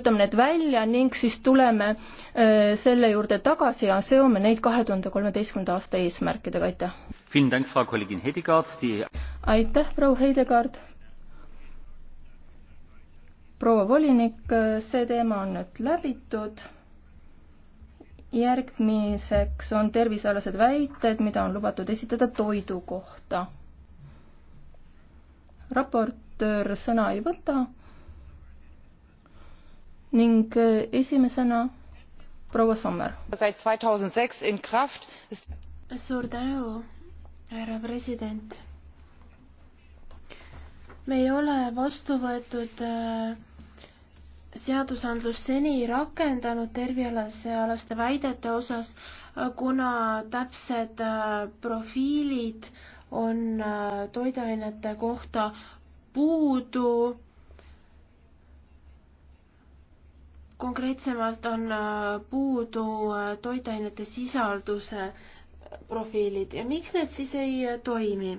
töötame need välja ning siis tuleme äh, selle juurde tagasi ja seome neid kahe tuhande kolmeteistkümnenda aasta eesmärkidega, aitäh. aitäh, proua Heidegaard. proua volinik, äh, see teema on nüüd läbitud järgmiseks on tervisealased väited, mida on lubatud esitada toidu kohta. raportöör sõna ei võta ning äh, esimesena proua Sommer. suur tänu, härra president. me ei ole vastu võetud äh, seadusandlust seni rakendanud tervialase alaste väidete osas, äh, kuna täpsed profiilid on toiduainete kohta puudu konkreetsemalt on äh, puudu äh, toitainete sisalduse profiilid ja miks need siis ei äh, toimi?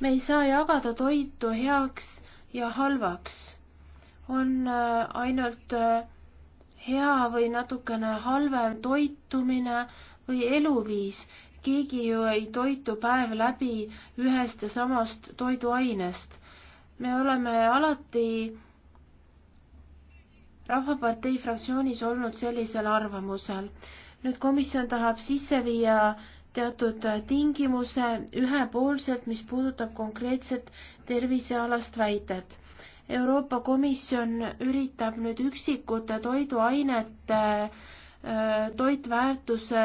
me ei saa jagada toitu heaks ja halvaks. on ainult hea või natukene halvem toitumine või eluviis. keegi ju ei toitu päev läbi ühest ja samast toiduainest. me oleme alati rahvapartei fraktsioonis olnud sellisel arvamusel. nüüd komisjon tahab sisse viia teatud tingimuse ühepoolselt, mis puudutab konkreetset tervisealast väidet. Euroopa Komisjon üritab nüüd üksikute toiduainete äh, toitväärtuse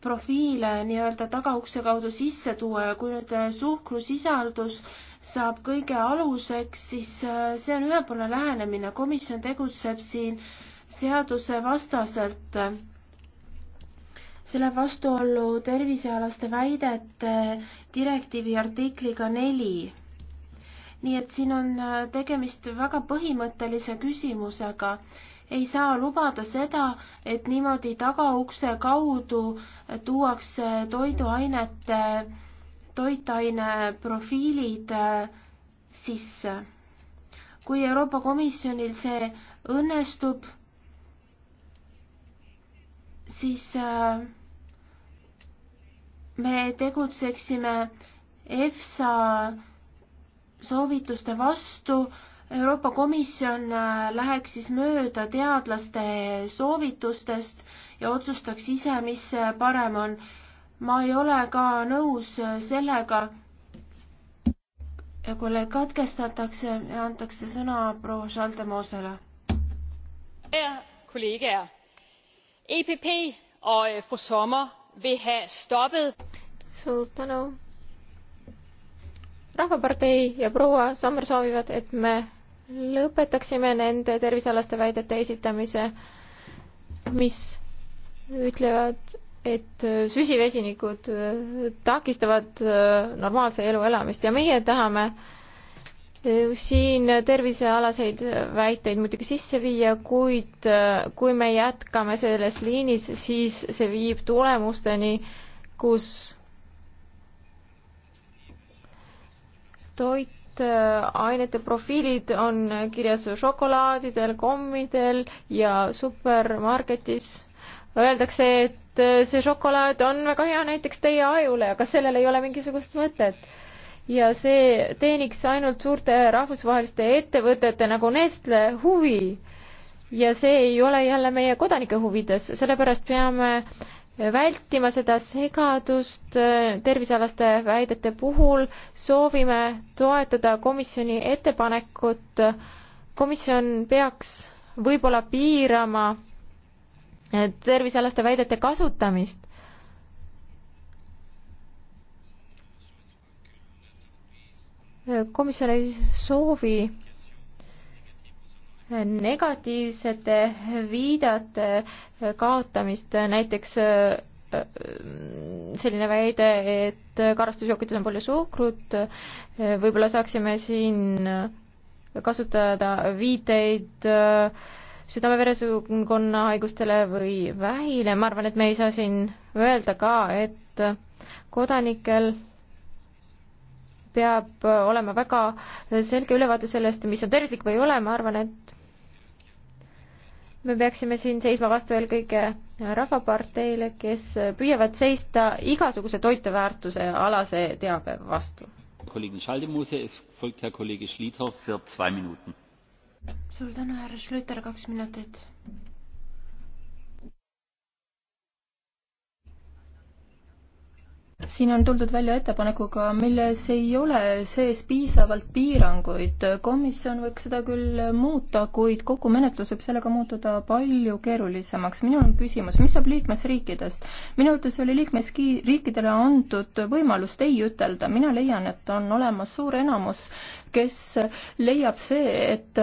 profiile nii-öelda tagaukse kaudu sisse tuua ja kui nüüd äh, suhkrusisaldus äh, saab kõige aluseks, siis äh, see on ühepoolne lähenemine, komisjon tegutseb siin seadusevastaselt. Äh, see läheb vastuollu tervisealaste väidete direktiivi artikliga neli. nii et siin on äh, tegemist väga põhimõttelise küsimusega ei saa lubada seda, et niimoodi tagaukse kaudu tuuakse toiduainete äh, toitaine profiilid äh, sisse. kui Euroopa Komisjonil see õnnestub, siis äh, me tegutseksime EFSA soovituste vastu, Euroopa Komisjon äh, läheks siis mööda teadlaste soovitustest ja otsustaks ise, mis parem on ma ei ole ka nõus sellega, kolleeg katkestatakse ja antakse sõna proua Schaldemosele. E øh, suur tänu. rahvapartei ja proua Sommer soovivad, et me lõpetaksime nende tervisealaste väidete esitamise, mis ütlevad et äh, süsivesinikud äh, takistavad äh, normaalse elu elamist ja meie tahame siin tervisealaseid väiteid muidugi sisse viia, kuid kui me jätkame selles liinis, siis see viib tulemusteni, kus toitainete profiilid on kirjas šokolaadidel, kommidel ja supermarketis Öeldakse, et äh, see šokolaad on väga hea näiteks teie ajule, aga sellel ei ole mingisugust mõtet. ja see teeniks ainult suurte rahvusvaheliste ettevõtete nagu Nestle huvi. ja see ei ole jälle meie kodanike huvides, sellepärast peame vältima seda segadust äh, tervisealaste väidete puhul, soovime toetada komisjoni ettepanekut. komisjon peaks võib-olla piirama tervisealaste väidete kasutamist. komisjon ei soovi negatiivsete viidete kaotamist, näiteks selline väide, et karastusjookides on palju suhkrut, võib-olla saaksime siin kasutada viiteid äh, südame-veresoonkonna haigustele või vähile, ma arvan, et me ei saa siin öelda ka, et kodanikel peab olema väga selge ülevaade sellest, mis on tervislik või ei ole, ma arvan, et me peaksime siin seisma vastu eelkõige Rahvaparteile, kes püüavad seista igasuguse toiteväärtuse alase teabe vastu. kolleeg Schaldemose, folgt herr kolleeg Schlithoff für zwei minuten suur tänu, härra Schlüter, kaks minutit siin on tuldud välja ettepanekuga, milles ei ole sees piisavalt piiranguid. komisjon võiks seda küll muuta, kuid kogu menetlus võib sellega muutuda palju keerulisemaks. minul on küsimus, mis saab liikmesriikidest? minu arvates oli liikmesriikidele antud võimalust ei ütelda. mina leian, et on olemas suur enamus, kes leiab see, et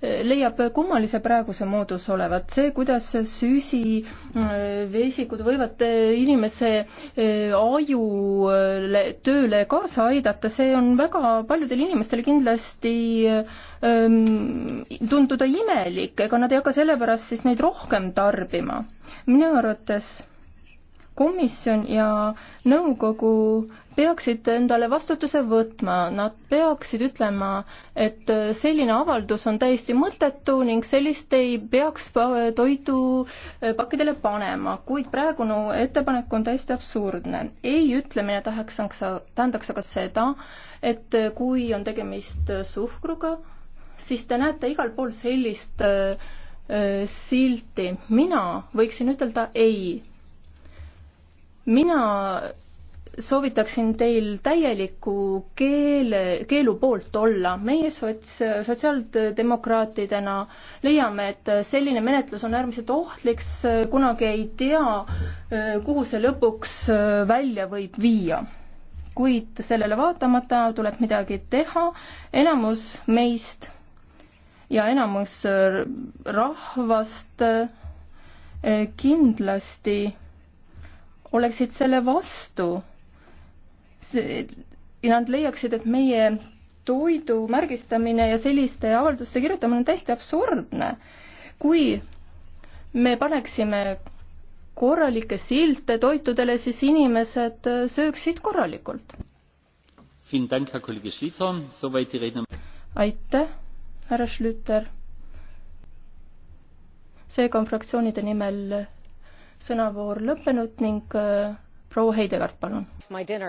leiab kummalise praeguse moodus olevat. see, kuidas süsivesikud äh, võivad äh, inimese äh, ajule tööle kaasa aidata, see on väga paljudele inimestele kindlasti ähm, tunduda imelik, ega nad ei hakka sellepärast siis neid rohkem tarbima. minu arvates komisjon ja nõukogu peaksid endale vastutuse võtma, nad peaksid ütlema, et selline avaldus on täiesti mõttetu ning sellist ei peaks äh, toidupakkidele äh, panema, kuid praegune no, ettepanek on täiesti absurdne. ei ütlemine tahaks, tähendaks aga seda, et kui on tegemist äh, suhkruga, siis te näete igal pool sellist äh, silti. mina võiksin ütelda ei mina soovitaksin teil täieliku keele, keelu poolt olla. meie sots, sotsiaaldemokraatidena leiame, et selline menetlus on äärmiselt ohtlik, kunagi ei tea, kuhu see lõpuks välja võib viia. kuid sellele vaatamata tuleb midagi teha, enamus meist ja enamus rahvast kindlasti oleksid selle vastu. ja nad leiaksid, et meie toidu märgistamine ja selliste avalduste kirjutamine on täiesti absurdne. kui me paneksime korralikke silte toitudele, siis inimesed sööksid korralikult. aitäh, härra Schlüter. seega on fraktsioonide nimel sõnavoor lõppenud ning äh, proua Heidegard, palun. ma ei tea,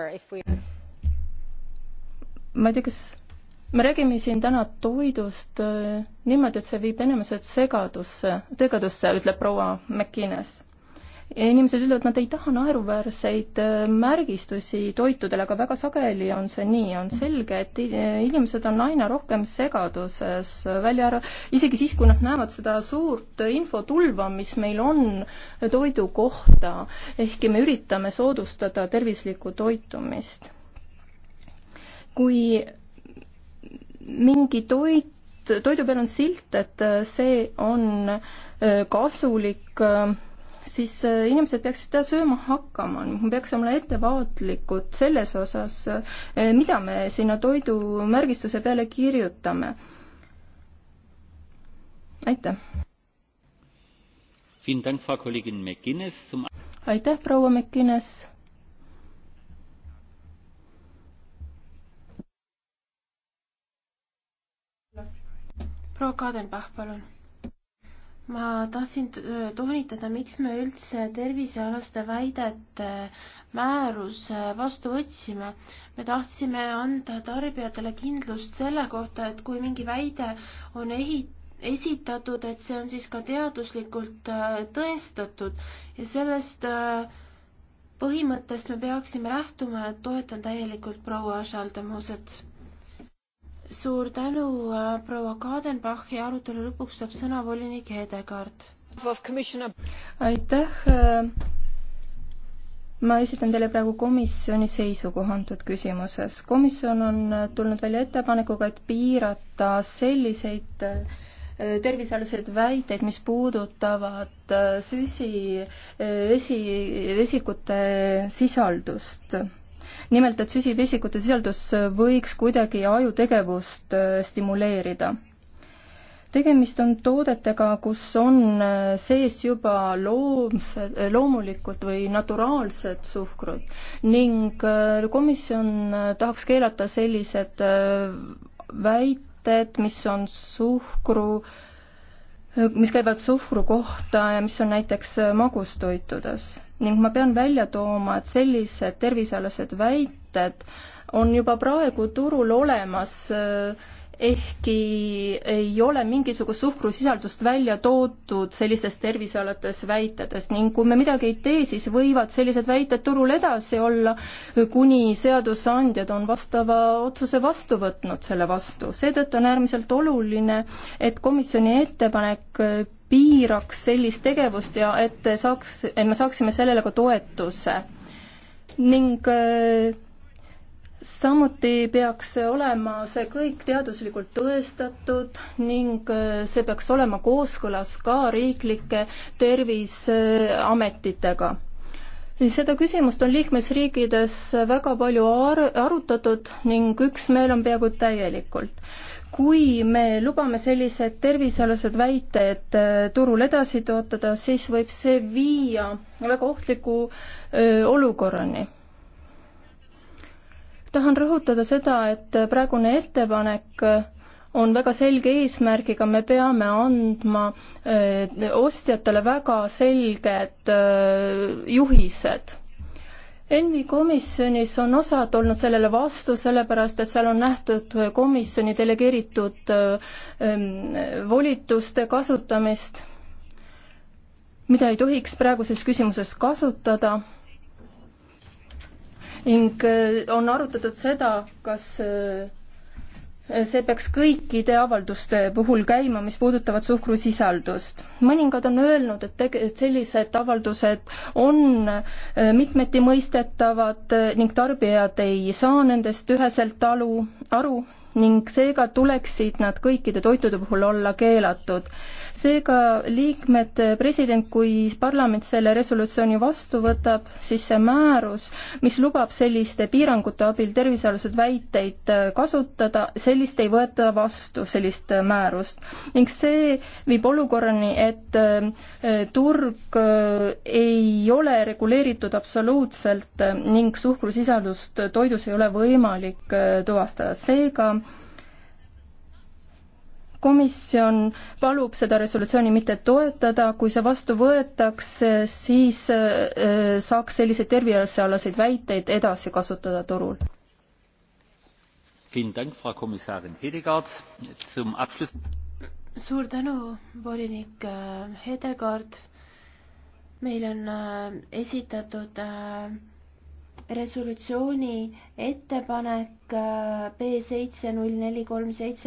kas me räägime siin täna toidust äh, niimoodi, et see viib inimesed segadusse, tegadusse, ütleb proua McInnes inimesed ütlevad, nad ei taha naeruväärseid äh, märgistusi toitudele, aga väga sageli on see nii, on selge, et inimesed on aina rohkem segaduses, välja arv-, isegi siis, kui nad näevad seda suurt infotulva, mis meil on toidu kohta, ehkki me üritame soodustada tervislikku toitumist. kui mingi toit toidu peal on silt, et äh, see on äh, kasulik siis äh, inimesed peaksid seda sööma hakkama, noh, me peaksime olema ettevaatlikud selles osas, äh, mida me sinna toidumärgistuse peale kirjutame. aitäh. aitäh, proua McGuinness. proua Kadenbach, palun ma tahtsin toonitada, miks me üldse tervisealaste väidete äh, määruse äh, vastu võtsime. me tahtsime anda tarbijatele kindlust selle kohta, et kui mingi väide on ehi-, esitatud, et see on siis ka teaduslikult äh, tõestatud ja sellest põhimõttest me peaksime lähtuma, et toetan täielikult proua Schaldemuse suur tänu, äh, proua Kadenbach ja arutelu lõpuks saab sõna volinik Hedegaard. aitäh. Äh, ma esitan teile praegu komisjoni seisukoha antud küsimuses. komisjon on äh, tulnud välja ettepanekuga, et piirata selliseid tervisealaseid väiteid, mis puudutavad süsi, vesi, vesikute sisaldust nimelt, et süsivestikute sisaldus võiks kuidagi ajutegevust äh, stimuleerida. tegemist on toodetega, kus on äh, sees juba loomsed, äh, loomulikud või naturaalsed suhkrud ning komisjon tahaks keelata sellised väited, mis on suhkru äh, mis käivad suhkru kohta ja mis on näiteks magustoitudes. ning ma pean välja tooma, et sellised tervisealased väited on juba praegu turul olemas äh, ehkki ei ole mingisugust suhkrusisaldust välja toodud sellistes tervisealates väitetes ning kui me midagi ei tee, siis võivad sellised väited turul edasi olla, kuni seadusandjad on vastava otsuse vastu võtnud selle vastu. seetõttu on äärmiselt oluline, et komisjoni ettepanek piiraks sellist tegevust ja et saaks, et me saaksime sellele ka toetuse. ning äh, samuti peaks olema see kõik teaduslikult tõestatud ning äh, see peaks olema kooskõlas ka riiklike terviseametitega. seda küsimust on liikmesriikides väga palju ar arutatud ning üksmeel on peaaegu täielikult. kui me lubame sellised tervisealased väited äh, turul edasi tootada, siis võib see viia väga ohtliku öö, äh, olukorrani tahan rõhutada seda, et praegune ettepanek on väga selge eesmärgiga, me peame andma eh, ostjatele väga selged eh, juhised ENVI komisjonis on osad olnud sellele vastu, sellepärast et seal on nähtud komisjoni delegeeritud eh, volituste kasutamist, mida ei tohiks praeguses küsimuses kasutada ning äh, on arutatud seda, kas äh, see peaks kõikide avalduste puhul käima, mis puudutavad suhkrusisaldust. mõningad on öelnud, et tege-, sellised avaldused on äh, mitmeti mõistetavad ning tarbijad ei saa nendest üheselt alu, aru ning seega tuleksid nad kõikide toitude puhul olla keelatud. seega liikmed, president, kui parlament selle resolutsiooni vastu võtab, siis see määrus, mis lubab selliste piirangute abil tervisealuseid väiteid äh, kasutada, sellist ei võeta vastu, sellist äh, määrust. ning see viib olukorrani, et äh, turg ei ole reguleeritud absoluutselt ning suhkrusisaldust toidus ei ole võimalik tuvastada. seega komisjon palub seda resolutsiooni mitte toetada, kui see vastu võetakse, siis äh, saaks selliseid tervisealaseid väiteid edasi kasutada turul. suur tänu, volinik äh, Hedegaard. meil on äh, esitatud resolutsiooni ettepanek B seitse null neli kolm seitse